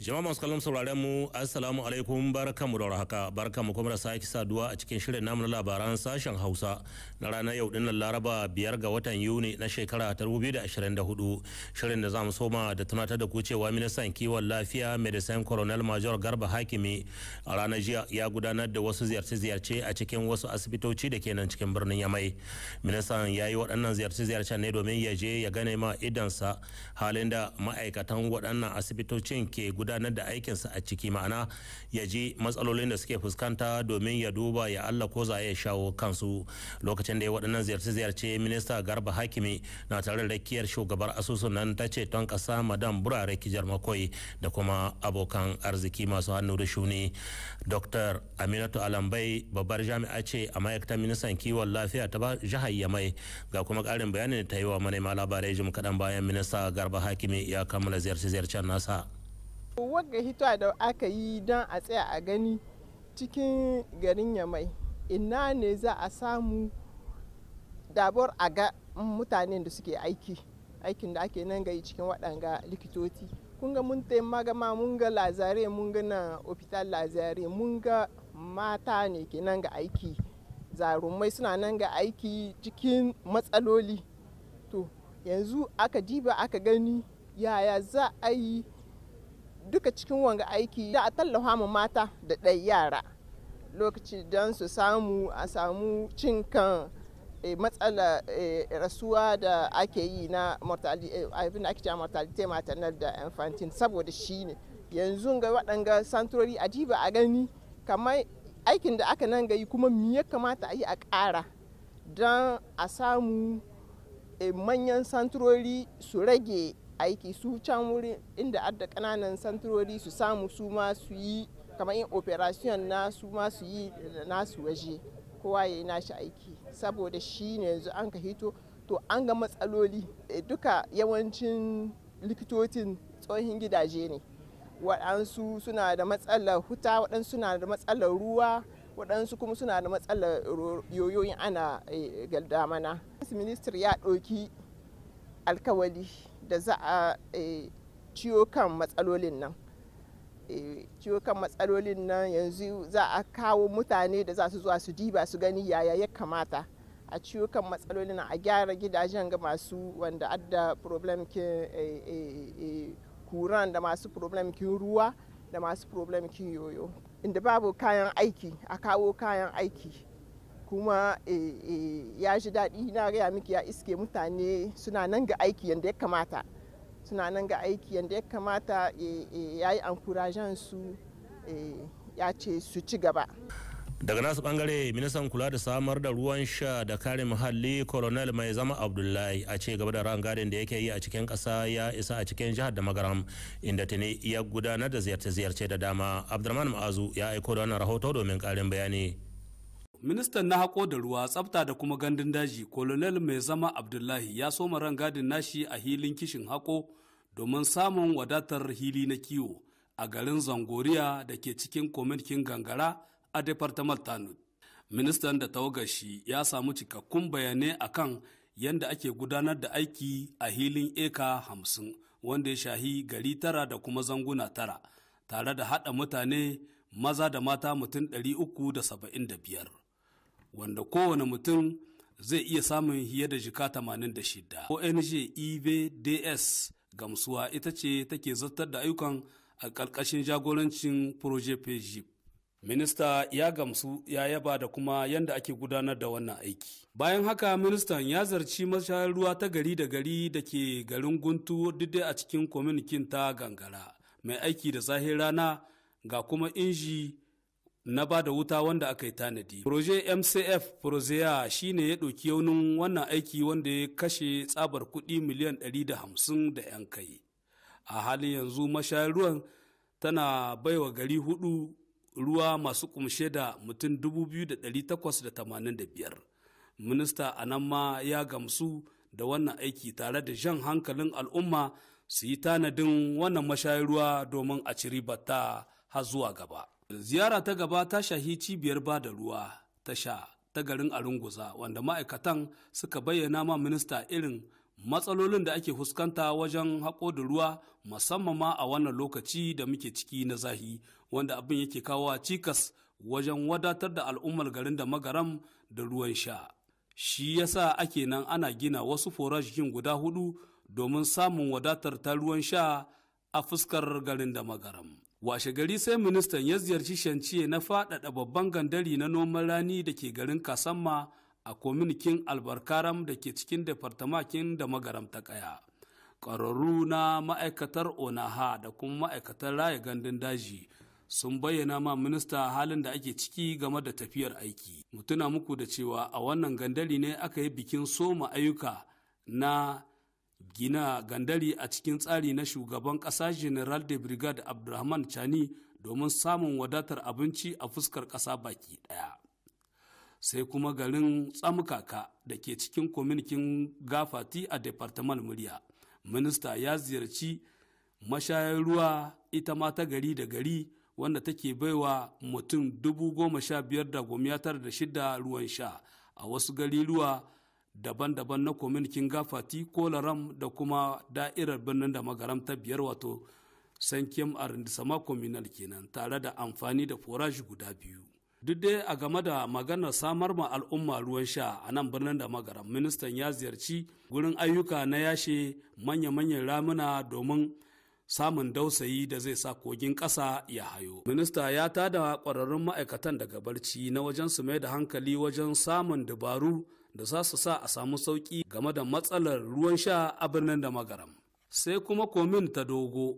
jama'a masu kallon sauraren mu assalamu alaikum barkamu da warhaka barkamu kuma da sake saduwa a cikin shirin namu na labaran sashen hausa na ranar yau dinnan laraba biyar ga watan yuni na shekara ta 2024 shirin da za mu soma da tunatar da ku cewa ministan kiwon lafiya medicine colonel major garba hakimi a ranar jiya ya gudanar da wasu ziyarce-ziyarce a cikin wasu asibitoci da ke nan cikin birnin yamai ministan ya yi waɗannan ziyarce-ziyarce ne domin ya je ya gane ma idansa halin da ma'aikatan waɗannan asibitocin ke gudanar gudanar da aikinsa a ciki ma'ana ya ji matsalolin da suke fuskanta domin ya duba ya allah ko za ya shawo kansu lokacin da ya waɗannan ziyarce-ziyarce minista garba hakimi na tare da rakiyar shugabar asusun nan ta ce ton kasa madam burare kijar makoi da kuma abokan arziki masu hannu da shuni dr aminatu alambai babbar jami'a ce a ma'aikatar ministan kiwon lafiya ta ba jihar yamai ga kuma ƙarin bayanin da ta yi wa manema labarai jim kaɗan bayan minista garba hakimi ya kammala ziyarce-ziyarcen nasa. wagga hita da aka yi don a tsaya a gani cikin garin yamai ina ne za a samu dabar a ga mutanen da suke aiki aikin da ake nan yi cikin waɗanga likitoci kun ga mun magama mun ga lazare mun ga na hospital lazare mun ga mata ne ke nan ga aiki zarumai suna nan ga aiki cikin matsaloli to yanzu aka diba aka gani yaya za a yi duka cikin wanga aiki da a tallafa ma mata da ɗai yara lokaci don su samu a samu cin kan eh, matsala eh, rasuwa da ake yi na eh, abin da ake cewa da infantile saboda shi ne yanzu ga waɗanga santurori a jiba a gani kamar aikin da aka nan gayi kuma me ya kamata a yi a ƙara don a samu manyan santurori su rage aiki su can wurin inda adda kananan santurori su samu su ma su yi kamar yin operation na su ma su yi nasu waje kowa ya yi nashi aiki saboda shi ne yanzu an ka hito to an ga matsaloli e, duka yawancin likitocin tsohin gidaje ne waɗansu suna da matsalar huta waɗansu suna da matsalar ruwa waɗansu kuma suna da matsalar yoyoyin ana e, galdamana ministry ya ɗauki alkawali Da za a e, ciwo kan matsalolin nan e, ciwo kan matsalolin nan yanzu za a kawo mutane da za su zuwa su diba su gani yaya ya kamata a ciwo kan matsalolin a gyara gidajen ga masu wanda adda problemkin e, kuran da masu problemkin ruwa da masu problemkin yoyo inda babu kayan aiki a kawo kayan aiki kuma e, e, ya ji daɗi na gaya miki ya iske mutane suna nan ga aiki yadda ya kamata suna nan ga aiki yadda ya kamata e, ya yi ankurajen su ya ce su ci gaba daga nasu bangare ministan kula da samar da ruwan sha da kare muhalli colonel mai zama abdullahi a ce gaba da rangadin da yake yi a cikin kasa ya isa a cikin jihar da magaram inda tuni ya gudanar da ziyarce-ziyarce da dama abdulrahman ma'azu ya aiko da wannan rahoto domin karin bayani Ministan na haƙo da ruwa tsafta da kuma gandun daji, Kolonel mai zama Abdullahi ya soma ran gadin nashi a hilin kishin haƙo domin samun wadatar hili na kiwo a garin Zangoriya da ke cikin kwamitin gangara a departamal Tanu. Ministan da tawagashi ya samu cikakkun bayanai kan yadda ake gudanar da aiki a hilin eka hamsin wanda ya shahi gari tara da kuma zanguna tara tare da haɗa mutane maza da mata mutum 375. wanda kowane mutum zai iya samun fiye da jika 86 ong evds gamsuwa ita ce take zartar da ayyukan a ƙarƙashin jagorancin projet pejip Minista ya gamsu ya yaba da kuma yadda ake gudanar da wannan aiki. Bayan haka ministan ya zarci mashayar ruwa ta gari da gari da ke garin Guntu duk a cikin kwaminikin ta gangara mai aiki da zahir rana ga kuma inji na ba da wuta wanda aka yi tanadi. Proje MCF Prozea shi ne ya ɗauki yaunin wannan aiki wanda ya kashe tsabar kuɗi miliyan 150 da 'yan kai. A halin yanzu mashayar ruwan tana baiwa gari hudu ruwa masu kumshe da mutum 2,885. Minista Anamma ya gamsu da wannan aiki tare da jan hankalin al'umma su yi tanadin wannan mashayar ruwa domin a ciri bata har zuwa gaba. ziyara ta gaba ta shahi cibiyar ba da ruwa ta sha ta garin arunguza wanda ma'aikatan suka bayyana ma minista irin matsalolin da ake fuskanta wajen haƙo da ruwa musamman ma a wannan lokaci da muke ciki na zahi wanda abin yake kawo cikas wajen wadatar da al'ummar garin da magaram da ruwan sha shi yasa ake nan ana gina wasu forajin guda hudu domin samun wadatar ta ruwan sha a fuskar garin da magaram washe gari sai ministan ya ziyarci shanciye na faɗaɗa babban gandari na noman rani da ke garin kasamma a kominikin albarkaram da ke cikin departamakin da magaram ta kaya ƙwararru na ma'aikatar onaha da kuma ma'aikatar raya gandun daji sun bayyana ma minista halin da ake ciki game da tafiyar aiki mutuna muku da cewa a wannan gandari ne aka yi bikin soma ayyuka na gina gandari a cikin tsari na shugaban ƙasa general de brigade abdulrahman chani domin samun wadatar abinci a fuskar ƙasa baki ɗaya sai kuma garin tsamukaka da ke cikin kwaminikin gafati a departamal murya minista ya ziyarci mashayar ruwa ita ma ta gari da gari wanda take baiwa mutum dubu goma sha biyar da goma da shida ruwan sha a wasu gari ruwa daban-daban na kominikin gafati ko laram da kuma da'irar birnin da magaram ta biyar wato sankim arindisama Kominal kenan tare da amfani da foraji guda biyu duk dai a game da maganar samar ma al'umma ruwan sha a nan birnin da magaram ministan ya ziyarci gurin ayyuka na yashe manya-manyan ramuna domin samun dausayi da zai sa kogin ƙasa ya hayo. Minista ya tada ƙwararrun ma'aikatan daga barci na wajen su mai da hankali wajen samun dabaru da za su sa a samu sauƙi game da matsalar ruwan sha a birnin da magaram sai kuma komin ta dogo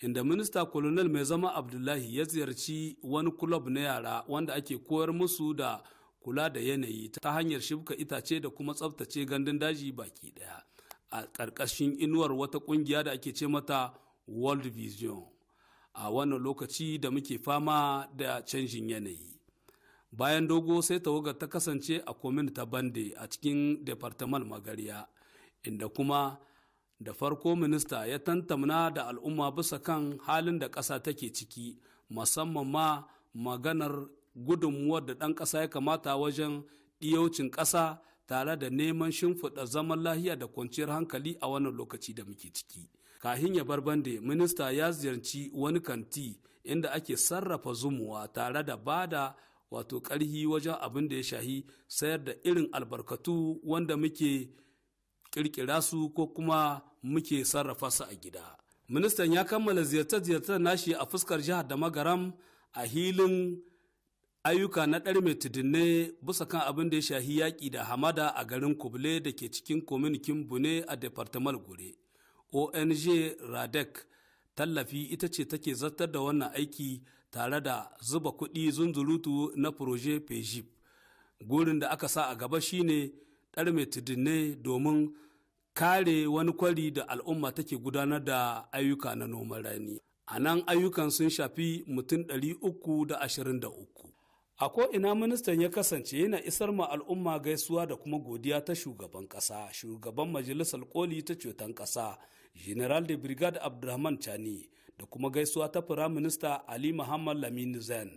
inda minista kolonel mai zama abdullahi ya ziyarci wani kulob na yara wanda ake koyar musu da kula da yanayi ta hanyar shibka itace da kuma tsabtace gandun daji baki daya a ƙarƙashin inuwar wata ƙungiya da ake ce mata world vision a wannan lokaci da muke fama da canjin yanayi bayan dogo sai tawagar ta kasance a komin ta bande a cikin departamal magariya inda kuma da farko minista ya tantamna da al'umma bisa kan halin da ƙasa take ciki musamman ma maganar gudunmuwar da ɗan ƙasa ya kamata wajen ɗiyaucin ƙasa tare da neman shimfiɗa zaman lahiya da kwanciyar hankali a wannan lokaci da muke ciki kahin ya bar bande minista ya ziyarci wani kanti inda ake sarrafa zumuwa tare da bada wato ƙarhi wajen abin da ya shahi sayar da irin albarkatu wanda muke ƙirƙira su ko kuma muke sarrafa su a gida ministan ya kammala ziyartar-ziyartar nashi a fuskar jihar da magaram a hilin ayyuka na ɗari mai tudunne bisa kan abin da ya shahi yaƙi da hamada a garin kubule da ke cikin kominikin bune a departamal gure ong radek tallafi ita ce take zartar da wannan aiki tare da zuba kuɗi zunzurutu na proje pejib gurin da aka sa a gaba shine mai tudunne domin kare wani kwari da al'umma take gudanar da ayyuka na noman rani a nan ayyukan sun shafi mutum 323 a ko'ina ministan ya kasance yana isar ma al'umma gaisuwa da kuma godiya ta shugaban kasa shugaban majalisar koli ta ceton kasa general de brigade abdulrahman chani da kuma gaisuwa ta firaminista ali muhammad lamini zain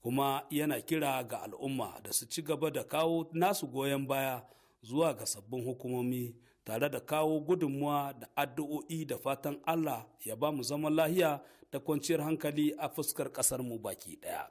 kuma yana kira ga al'umma da su ci gaba da kawo nasu goyon baya zuwa ga sabbin hukumomi tare da kawo gudunmuwa da addu'o'i da fatan allah ya ba mu zaman lahiya da kwanciyar hankali a fuskar mu baki ɗaya.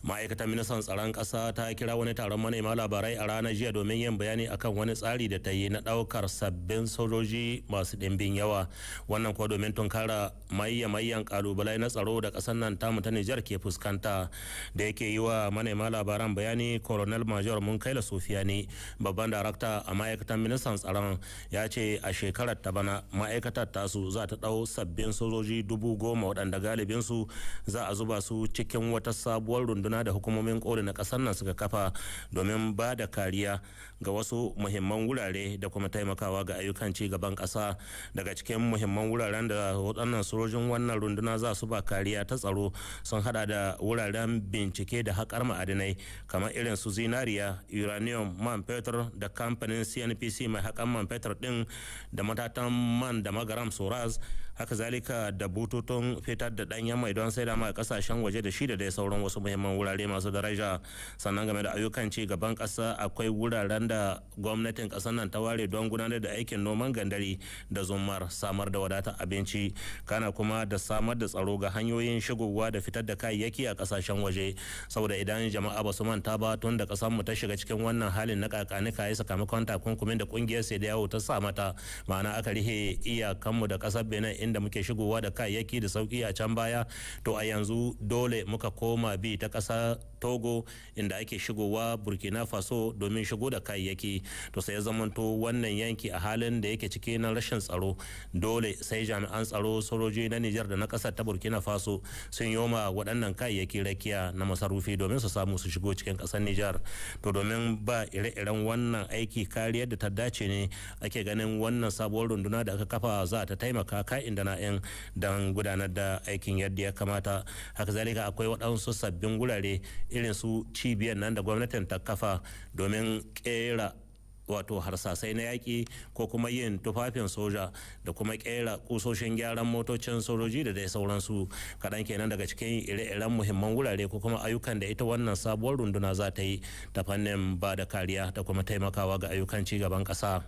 ma'aikatar ministan tsaron ƙasa ta kira wani taron manema labarai a ranar jiya domin yin bayani akan wani tsari da ta yi na ɗaukar sabbin sojoji masu ɗimbin yawa wannan kuwa domin tunkara mayya mayyan ƙalubalai na tsaro da ƙasar nan ta ta nijar ke fuskanta da yake yi wa manema labaran bayani colonel major munkaila sofiya ne babban darakta a ma'aikatar ministan tsaron ya ce a shekarar ta bana ma'aikatar tasu za ta ɗau sabbin sojoji dubu goma waɗanda galibinsu za a zuba su cikin wata sabuwar rundunar runduna da hukumomin koli na kasar nan suka kafa domin ba da kariya ga wasu muhimman wurare da kuma taimakawa ga ayyukan ci gaban kasa daga cikin muhimman wuraren da waɗannan sojojin wannan runduna za su ba kariya ta tsaro sun hada da wuraren bincike da haƙar ma'adinai kamar irin su zinariya uranium man fetur da kamfanin cnpc mai haƙar man fetur din da matatan man da magaram soraz haka zalika da bututun fitar da danyen mai don sai ma a kasashen waje da shi da dai sauran wasu muhimman wurare masu daraja sannan game da ayyukan ci gaban kasa akwai wuraren da gwamnatin kasar nan ta ware don gudanar da aikin noman gandari da zumar samar da wadatar abinci kana kuma da samar da tsaro ga hanyoyin shigowa da fitar da kayayyaki a kasashen waje saboda idan jama'a ba su manta ba tun da kasar mu ta shiga cikin wannan halin na kakanika ya sakamakon takunkumin da kungiyar sai da yawo ta sa mata ma'ana aka rihe iyakanmu da kasar benin da muke shigowa da kayayyaki da sauki a can baya to a yanzu dole muka koma bi ta ƙasa togo inda ake shigowa burkina faso domin shigo da kayayyaki to sai ya zamanto wannan yanki a halin da yake ciki na rashin tsaro dole sai jami'an tsaro sojoji na nijar da na kasar ta burkina faso sun yoma waɗannan kayayyaki rakiya na masarufi domin su samu su shigo cikin ƙasar nijar to domin ba ire-iren wannan aiki kariyar da ta dace ne ake ganin wannan sabuwar runduna da aka kafa za ta taimaka ka'in da na'in don gudanar da aikin yadda ya kamata haka zalika akwai waɗansu sabbin gurare irin su cibiyar nan da gwamnatin ta kafa domin kera wato harsasai na yaƙi ko kuma yin tufafin soja da kuma kera kusoshin gyaran motocin sojoji da dai sauransu kaɗan kenan daga cikin ire-iren muhimman wurare ko kuma ayyukan da ita wannan sabuwar runduna za ta yi ta fannin ba da kariya da kuma taimakawa ga ayyukan ci gaban ƙasa.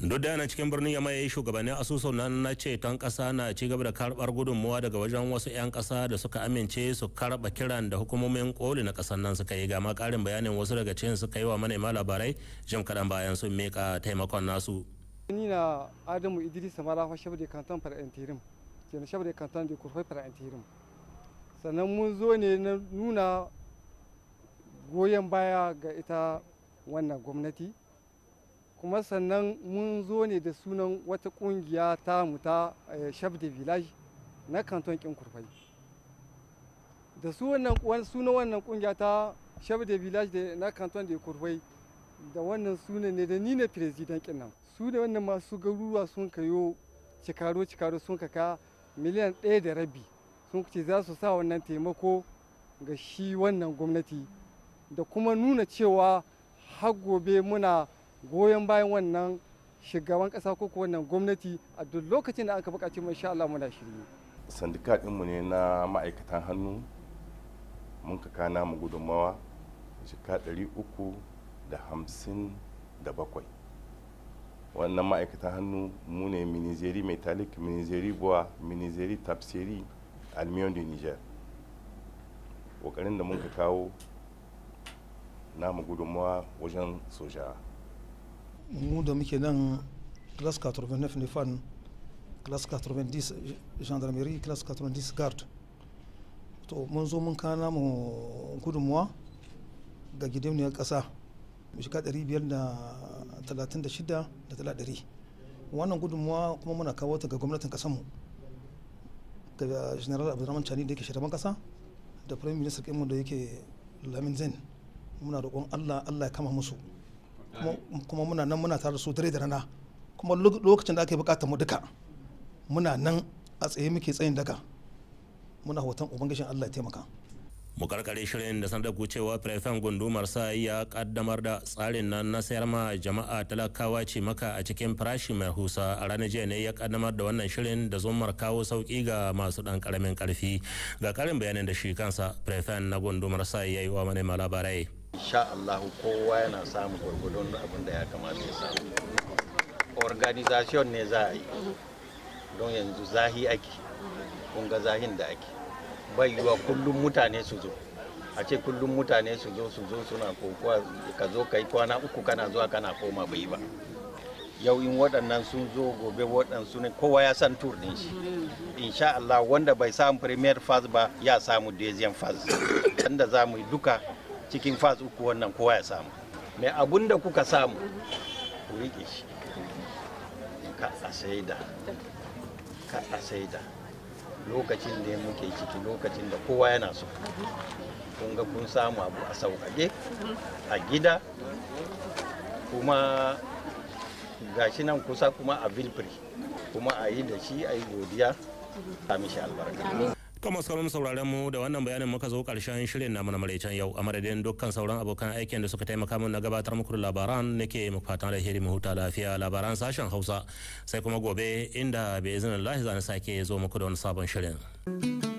duk da yana cikin birnin yamma ya yi shugabannin asusun nan na ceton kasa na ci gaba da karbar gudunmuwa daga wajen wasu 'yan kasa da suka amince su karba kiran da hukumomin koli na kasan nan suka yi ga ma karin bayanin wasu daga cikin suka yi wa manema labarai jim kaɗan bayan sun mika taimakon nasu ni na adamu idris marafa shabda kantan fara intirim kenan shabda kantan da kurfai fara intirim sannan mun zo ne na nuna goyon baya ga ita wannan gwamnati kuma sannan mun zo ne da sunan wata kungiya ta muta eh, chef de village na kanton kin kurfai da su wannan sunan wannan kungiya ta chef de village na kanton de kurfai da wannan sunan ne da ni ne president kin nan su da wannan masu garuruwa sun kayo cikaro cikaro sun kaka miliyan ɗaya da rabi sun ce za su sa wannan taimako ga shi wannan gwamnati da kuma nuna cewa har gobe muna goyon bayan wannan shugaban kasa ko wannan gwamnati a duk lokacin da aka buƙaci mu insha Allah muna shirye sandika mu ne na ma'aikatan hannu mun ka kana mu gudunmawa shika ɗari uku da hamsin da bakwai wannan ma'aikatan hannu mu ne minizeri metallic minizeri buwa minizeri tafsiri almiyon da niger ƙoƙarin da mun ka kawo namu gudunmawa wajen sojawa mu da muke nan class 89 ne fan classe 90 gendarmerie class 90 guard to mun zo mun kana mu gudunmuwa ga gidauniyar ƙasa shika 536 da 300 wannan gudunmuwa kuma muna kawo ta ga gwamnatin ƙasarmu ga general abdulrahman chani da yake shugaban ƙasa da prime minister kinmu da yake lamin zain muna roƙon allah allah ya kama musu kuma muna nan muna tare da su dare da rana kuma lokacin da ake bukata mu duka muna nan a tsaye muke tsayin daga muna hoton ubangijin Allah ya taimaka mu karkare shirin da sanar ku cewa firaifen gundumar sa ya kaddamar da tsarin nan na sayar ma jama'a talakawa ce maka a cikin farashi mai husa a ranar jiya ne ya kaddamar da wannan shirin da zumar kawo sauki ga masu dan karamin karfi ga karin bayanin da shi kansa firaifen na gundumar sa ya yi wa manema labarai Sha Allah kowa yana samun gwargwadon abin da ya kamata ya samu. Organization ne za a yi don yanzu zahi ake, kun ga zahin da ake. Bai yiwa kullum mutane su zo. a ce kullum mutane su zo su zo suna kokowa ka zo ka yi kwana uku kana zuwa kana koma bai ba yau in waɗannan sun zo gobe waɗansu ne kowa ya san tur ɗin shi insha Allah wanda bai samu premier fas ba ya samu dezian fas wanda za mu yi duka cikin fas uku wannan kowa ya samu mai abun da kuka samu ku riƙe shi ka a saida ka a saida lokacin da muke ciki lokacin da kowa yana so kun ga kun samu abu a sauƙaƙe a gida kuma gashi nan kusa kuma a bilfiri kuma a yi da shi a yi godiya a mishi albarka masu Kalum sauraron mu da wannan bayanin muka zo karshen shirin namu na maraicen yau a madadin dukkan sauran abokan aikin da suka taimaka min na gabatar muku da labaran nake muku fatan da hiri huta lafiya labaran sashen Hausa sai kuma gobe inda bai izinin Allah zan sake zo muku da wani sabon shirin.